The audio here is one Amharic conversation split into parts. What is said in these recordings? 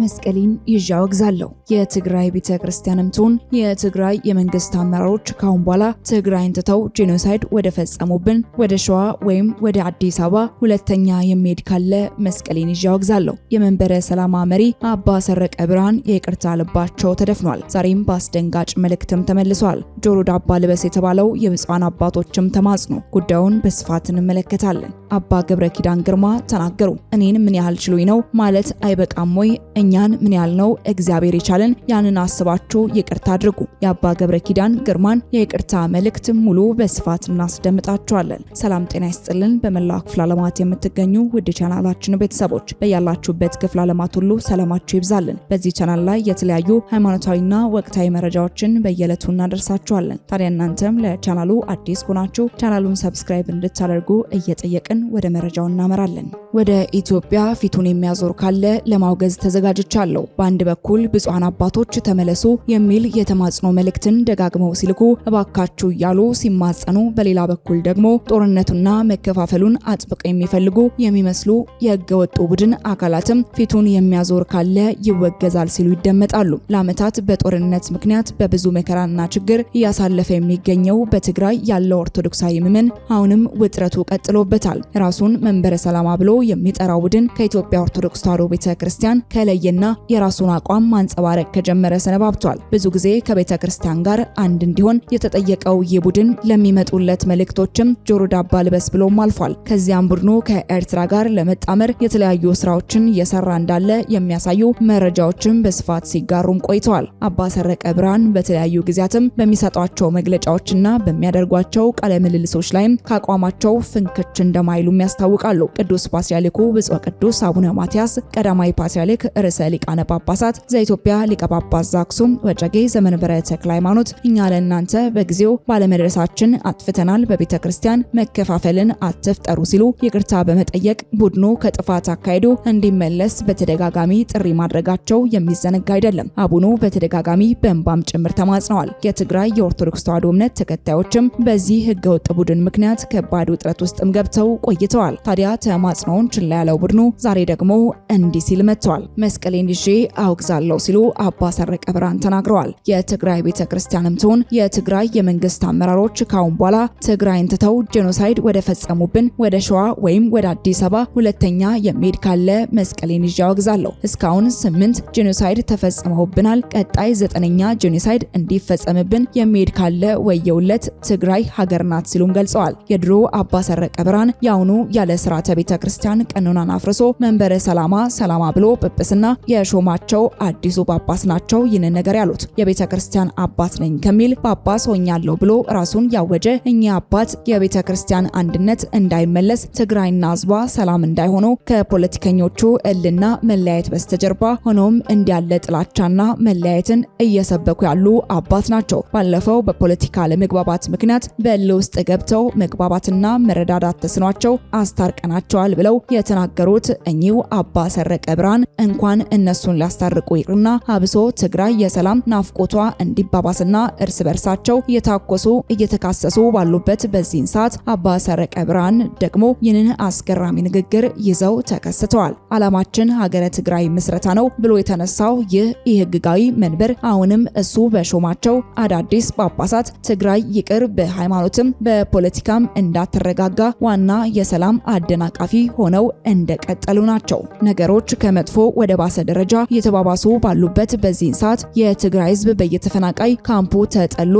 መስቀሌን ይዤ አወግዛለሁ። የትግራይ ቤተ ክርስቲያንም ትሁን የትግራይ የመንግስት አመራሮች ካሁን በኋላ ትግራይን ትተው ጄኖሳይድ ወደ ፈጸሙብን ወደ ሸዋ ወይም ወደ አዲስ አበባ ሁለተኛ የሚሄድ ካለ መስቀሌን ይዤ አወግዛለሁ። የመንበረ ሰላማ መሪ አባ ሰረቀ ብርሃን የይቅርታ ልባቸው ተደፍኗል። ዛሬም በአስደንጋጭ መልእክትም ተመልሷል። ጆሮ ዳባ ልበስ የተባለው የብፁዓን አባቶችም ተማጽኖ ጉዳዩን በስፋት እንመለከታለን። አባ ገብረ ኪዳን ግርማ ተናገሩ። እኔን ምን ያህል ችሎኝ ነው ማለት አይበቃም ወይ እኛን ምን ያህል ነው እግዚአብሔር የቻለን? ያንን አስባችሁ ይቅርታ አድርጉ። የአባ ገብረ ኪዳን ግርማን የይቅርታ መልእክት ሙሉ በስፋት እናስደምጣችኋለን። ሰላም ጤና ይስጥልን። በመላው ክፍለ ዓለማት የምትገኙ ውድ ቻናላችን ቤተሰቦች በያላችሁበት ክፍለ ዓለማት ሁሉ ሰላማችሁ ይብዛልን። በዚህ ቻናል ላይ የተለያዩ ሃይማኖታዊና ወቅታዊ መረጃዎችን በየዕለቱ እናደርሳችኋለን። ታዲያ እናንተም ለቻናሉ አዲስ ሆናችሁ ቻናሉን ሰብስክራይብ እንድታደርጉ እየጠየቅን ወደ መረጃው እናመራለን። ወደ ኢትዮጵያ ፊቱን የሚያዞር ካለ ለማውገዝ ተዘጋጅ ተዘጋጅቻለሁ። በአንድ በኩል ብፁዓን አባቶች ተመለሱ የሚል የተማጽኖ መልእክትን ደጋግመው ሲልኩ እባካችሁ እያሉ ሲማጸኑ፣ በሌላ በኩል ደግሞ ጦርነቱና መከፋፈሉን አጥብቀው የሚፈልጉ የሚመስሉ የህገወጡ ቡድን አካላትም ፊቱን የሚያዞር ካለ ይወገዛል ሲሉ ይደመጣሉ። ለአመታት በጦርነት ምክንያት በብዙ መከራና ችግር እያሳለፈ የሚገኘው በትግራይ ያለው ኦርቶዶክሳዊ ምዕመን አሁንም ውጥረቱ ቀጥሎበታል። ራሱን መንበረ ሰላማ ብሎ የሚጠራው ቡድን ከኢትዮጵያ ኦርቶዶክስ ተዋሕዶ ቤተ ክርስቲያን ከለ መለየና የራሱን አቋም ማንጸባረቅ ከጀመረ ሰነባብቷል። ብዙ ጊዜ ከቤተ ክርስቲያን ጋር አንድ እንዲሆን የተጠየቀው ይህ ቡድን ለሚመጡለት መልእክቶችም ጆሮ ዳባ ልበስ ብሎም አልፏል። ከዚያም ቡድኑ ከኤርትራ ጋር ለመጣመር የተለያዩ ስራዎችን እየሰራ እንዳለ የሚያሳዩ መረጃዎችን በስፋት ሲጋሩም ቆይተዋል። አባ ሰረቀ ብርሃን በተለያዩ ጊዜያትም በሚሰጧቸው መግለጫዎችና በሚያደርጓቸው ቃለ ምልልሶች ላይም ከአቋማቸው ፍንክች እንደማይሉም ያስታውቃሉ። ቅዱስ ፓትርያርኩ ብፁዕ ቅዱስ አቡነ ማትያስ ቀዳማዊ ፓትርያርክ ርዕሰ ሊቃነ ጳጳሳት ዘኢትዮጵያ ሊቀ ጳጳስ ዘአክሱም ወጨጌ ዘመንበረ ተክለ ሃይማኖት እኛ ለእናንተ በጊዜው ባለመድረሳችን አጥፍተናል፣ በቤተ ክርስቲያን መከፋፈልን አትፍጠሩ ሲሉ ይቅርታ በመጠየቅ ቡድኑ ከጥፋት አካሄዱ እንዲመለስ በተደጋጋሚ ጥሪ ማድረጋቸው የሚዘነጋ አይደለም። አቡኑ በተደጋጋሚ በእንባም ጭምር ተማጽነዋል። የትግራይ የኦርቶዶክስ ተዋሕዶ እምነት ተከታዮችም በዚህ ህገወጥ ቡድን ምክንያት ከባድ ውጥረት ውስጥም ገብተው ቆይተዋል። ታዲያ ተማጽኖውን ችላ ያለው ቡድኑ ዛሬ ደግሞ እንዲህ ሲል መጥተዋል። መስቀሌን ይዤ አውግዛለሁ ሲሉ አባ ሰረቀ ብርሃን ተናግረዋል። የትግራይ ቤተ ክርስቲያንም ትሆን የትግራይ የመንግስት አመራሮች ካሁን በኋላ ትግራይን ትተው ጄኖሳይድ ወደ ፈጸሙብን ወደ ሸዋ ወይም ወደ አዲስ አበባ ሁለተኛ የሚሄድ ካለ መስቀሌን ይዤ አውግዛለሁ። እስካሁን ስምንት ጄኖሳይድ ተፈጽመውብናል። ቀጣይ ዘጠነኛ ጄኖሳይድ እንዲፈጸምብን የሚሄድ ካለ ወየውለት ትግራይ ሀገር ናት ሲሉም ገልጸዋል። የድሮ አባ ሰረቀ ብርሃን የአሁኑ ያለ ስርዓተ ቤተ ክርስቲያን ቀኖናን አፍርሶ መንበረ ሰላማ ሰላማ ብሎ ጵጵስና እና የሾማቸው አዲሱ ጳጳስ ናቸው ይህንን ነገር ያሉት። የቤተ ክርስቲያን አባት ነኝ ከሚል ጳጳስ ሆኛለሁ ብሎ ራሱን ያወጀ እኚህ አባት የቤተ ክርስቲያን አንድነት እንዳይመለስ፣ ትግራይና ህዝቧ ሰላም እንዳይሆኑ ከፖለቲከኞቹ እልና መለያየት በስተጀርባ ሆኖም እንዲያለ ጥላቻና መለያየትን እየሰበኩ ያሉ አባት ናቸው። ባለፈው በፖለቲካ ለመግባባት ምክንያት በል ውስጥ ገብተው መግባባትና መረዳዳት ተስኗቸው አስታርቀናቸዋል ብለው የተናገሩት እኚሁ አባ ሰረቀ ብርሃን እንኳን እንኳን እነሱን ሊያስታርቁ ይቅርና አብሶ ትግራይ የሰላም ናፍቆቷ እንዲባባስና እርስ በርሳቸው እየታኮሱ እየተካሰሱ ባሉበት በዚህን ሰዓት አባ ሰረቀ ብርሃን ደግሞ ይህንን አስገራሚ ንግግር ይዘው ተከስተዋል። ዓላማችን ሀገረ ትግራይ ምስረታ ነው ብሎ የተነሳው ይህ የህግጋዊ መንበር አሁንም እሱ በሾማቸው አዳዲስ ጳጳሳት ትግራይ ይቅር በሃይማኖትም በፖለቲካም እንዳትረጋጋ ዋና የሰላም አደናቃፊ ሆነው እንደቀጠሉ ናቸው። ነገሮች ከመጥፎ ወደ በባሰ ደረጃ እየተባባሱ ባሉበት በዚህን ሰዓት የትግራይ ህዝብ በየተፈናቃይ ካምፑ ተጠሎ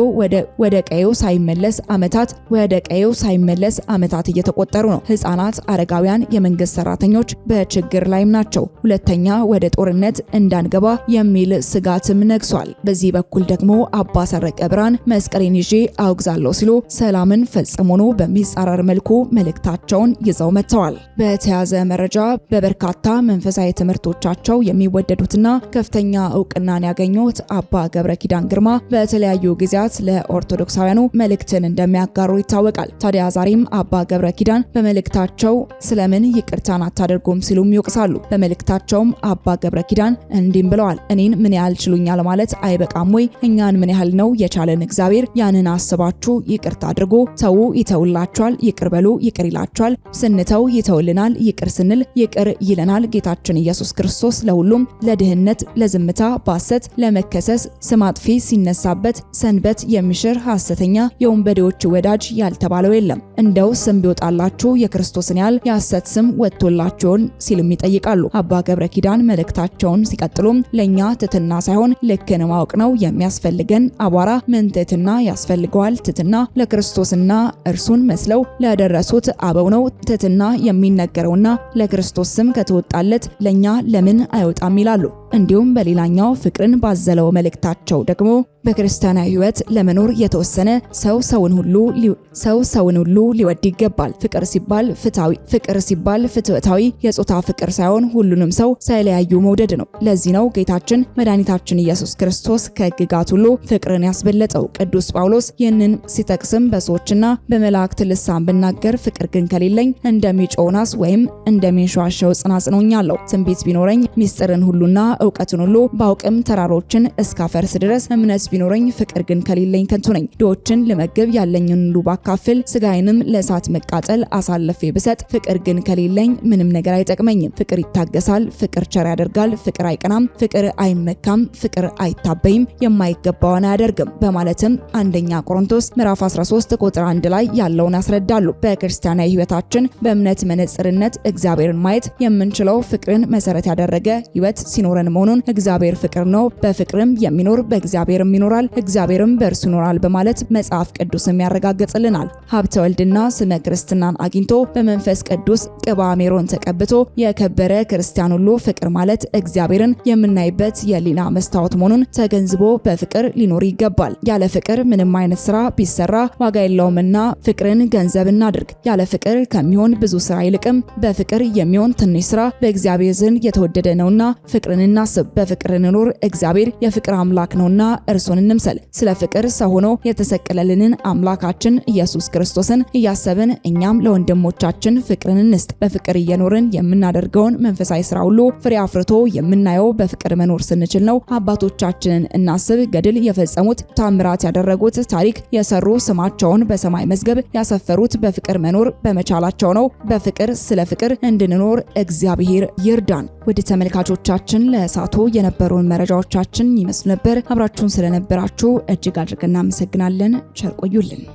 ወደ ቀዬው ሳይመለስ አመታት ወደ ቀዬው ሳይመለስ አመታት እየተቆጠሩ ነው። ህጻናት፣ አረጋውያን፣ የመንግስት ሰራተኞች በችግር ላይም ናቸው። ሁለተኛ ወደ ጦርነት እንዳንገባ የሚል ስጋትም ነግሷል። በዚህ በኩል ደግሞ አባ ሰረቀ ብርሃን መስቀሌን ይዤ አውግዛለሁ ሲሉ ሰላምን ፈጽሞ ነው በሚጻረር መልኩ መልእክታቸውን ይዘው መጥተዋል። በተያዘ መረጃ በበርካታ መንፈሳዊ ትምህርቶቻቸው በሙያቸው የሚወደዱትና ከፍተኛ እውቅናን ያገኙት አባ ገብረ ኪዳን ግርማ በተለያዩ ጊዜያት ለኦርቶዶክሳውያኑ መልእክትን እንደሚያጋሩ ይታወቃል። ታዲያ ዛሬም አባ ገብረ ኪዳን በመልእክታቸው ስለምን ይቅርታን አታደርጉም ሲሉም ይወቅሳሉ። በመልእክታቸውም አባ ገብረ ኪዳን እንዲህም ብለዋል። እኔን ምን ያህል ችሉኛል ማለት አይበቃም ወይ? እኛን ምን ያህል ነው የቻለን? እግዚአብሔር ያንን አስባችሁ ይቅርታ አድርጎ ተዉ፣ ይተውላቸዋል። ይቅር በሉ፣ ይቅር ይላቸዋል። ስንተው ይተውልናል። ይቅር ስንል ይቅር ይለናል። ጌታችን ኢየሱስ ክርስቶስ ለሁሉም ለድህነት፣ ለዝምታ፣ በሐሰት ለመከሰስ ስም አጥፊ ሲነሳበት ሰንበት የሚሽር ሐሰተኛ የወንበዴዎች ወዳጅ ያልተባለው የለም። እንደው ስም ቢወጣላችሁ የክርስቶስን ያህል የሐሰት ስም ወጥቶላችሁን ሲልም ይጠይቃሉ። አባ ገብረ ኪዳን መልእክታቸውን ሲቀጥሉም ለኛ ትትና ሳይሆን ልክን ማወቅ ነው የሚያስፈልገን። አቧራ ትትና ያስፈልገዋል። ትትና ለክርስቶስና እርሱን መስለው ለደረሱት አበው ነው። ትትና የሚነገረውና ለክርስቶስ ስም ከተወጣለት ለኛ ለምን አይወጣም ይላሉ። እንዲሁም በሌላኛው ፍቅርን ባዘለው መልእክታቸው ደግሞ በክርስቲያናዊ ሕይወት ለመኖር የተወሰነ ሰው ሰውን ሁሉ ሰው ሰውን ሁሉ ሊወድ ይገባል። ፍቅር ሲባል ፍታዊ ፍቅር ሲባል ፍትወታዊ የጾታ ፍቅር ሳይሆን ሁሉንም ሰው ሳይለያዩ መውደድ ነው። ለዚህ ነው ጌታችን መድኃኒታችን ኢየሱስ ክርስቶስ ከሕግጋት ሁሉ ፍቅርን ያስበለጠው። ቅዱስ ጳውሎስ ይህንን ሲጠቅስም በሰዎችና በመላእክት ልሳን ብናገር ፍቅር ግን ከሌለኝ እንደሚጮህ ናስ ወይም እንደሚንሸዋሸው ጽናጽኖኛለሁ። ትንቢት ቢኖረኝ ሚስጥርን ሁሉና እውቀትን ሁሉ ባውቅም ተራሮችን እስካፈርስ ድረስ እምነት ቢኖረኝ ፍቅር ግን ከሌለኝ ከንቱ ነኝ። ድሆችን ልመግብ ያለኝን ሁሉ ባካፍል ስጋዬንም ለእሳት መቃጠል አሳልፌ ብሰጥ ፍቅር ግን ከሌለኝ ምንም ነገር አይጠቅመኝም። ፍቅር ይታገሳል፣ ፍቅር ቸር ያደርጋል፣ ፍቅር አይቀናም፣ ፍቅር አይመካም፣ ፍቅር አይታበይም፣ የማይገባውን አያደርግም በማለትም አንደኛ ቆሮንቶስ ምዕራፍ 13 ቁጥር 1 ላይ ያለውን ያስረዳሉ። በክርስቲያናዊ ሕይወታችን በእምነት መነጽርነት እግዚአብሔርን ማየት የምንችለው ፍቅርን መሰረት ያደረገ ያደረገ ህይወት ሲኖረን መሆኑን እግዚአብሔር ፍቅር ነው፣ በፍቅርም የሚኖር በእግዚአብሔርም ይኖራል፣ እግዚአብሔርም በእርሱ ይኖራል በማለት መጽሐፍ ቅዱስም ያረጋግጥልናል። ሀብተ ወልድና ስመ ክርስትናን አግኝቶ በመንፈስ ቅዱስ ቅባ ሜሮን ተቀብቶ የከበረ ክርስቲያን ሁሉ ፍቅር ማለት እግዚአብሔርን የምናይበት የሊና መስታወት መሆኑን ተገንዝቦ በፍቅር ሊኖር ይገባል። ያለ ፍቅር ምንም አይነት ስራ ቢሰራ ዋጋ የለውምና ፍቅርን ገንዘብ እናድርግ። ያለ ፍቅር ከሚሆን ብዙ ስራ ይልቅም በፍቅር የሚሆን ትንሽ ስራ በእግዚአብሔር ዘንድ የተወደደ የተወደደ ነውና ፍቅርን እናስብ። በፍቅር እንኖር። እግዚአብሔር የፍቅር አምላክ ነውና እርሱን እንምሰል። ስለ ፍቅር ሰው ሆኖ የተሰቀለልንን አምላካችን ኢየሱስ ክርስቶስን እያሰብን እኛም ለወንድሞቻችን ፍቅርን እንስጥ። በፍቅር እየኖርን የምናደርገውን መንፈሳዊ ስራ ሁሉ ፍሬ አፍርቶ የምናየው በፍቅር መኖር ስንችል ነው። አባቶቻችንን እናስብ። ገድል የፈጸሙት ታምራት ያደረጉት ታሪክ የሰሩ ስማቸውን በሰማይ መዝገብ ያሰፈሩት በፍቅር መኖር በመቻላቸው ነው። በፍቅር ስለ ፍቅር እንድንኖር እግዚአብሔር ይርዳን። ወደ ተመልካቾቻችን ለእሳቱ የነበሩን መረጃዎቻችን ይመስሉ ነበር። አብራችሁን ስለነበራችሁ እጅግ አድርገን እናመሰግናለን። ቸር ቆዩልን።